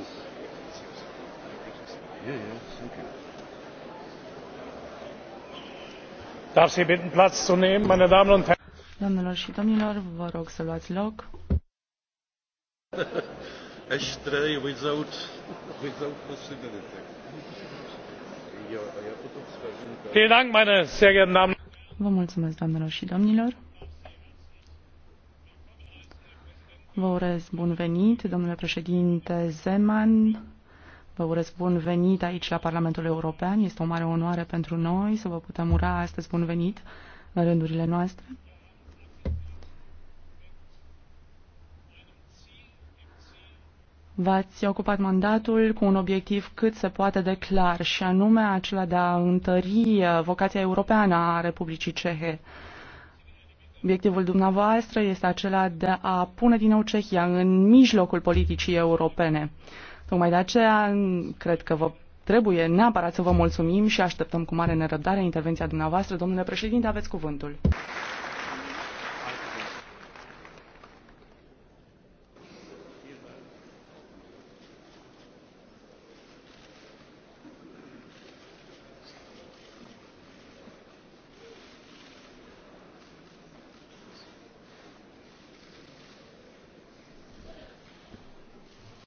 this. Yeah, yeah, thank you. Darf Sie bitten, Platz zu nehmen, meine Damen und Herren? Doamnelor și domnilor, vă rog să luați loc. without, without possibility. Vă mulțumesc, doamnelor și domnilor. Vă urez bun venit, domnule președinte Zeman. Vă urez bun venit aici la Parlamentul European. Este o mare onoare pentru noi să vă putem ura astăzi bun venit la rândurile noastre. V-ați ocupat mandatul cu un obiectiv cât se poate de clar și anume acela de a întări vocația europeană a Republicii Cehe. Obiectivul dumneavoastră este acela de a pune din nou Cehia în mijlocul politicii europene. Tocmai de aceea cred că vă trebuie neapărat să vă mulțumim și așteptăm cu mare nerăbdare intervenția dumneavoastră. Domnule președinte, aveți cuvântul.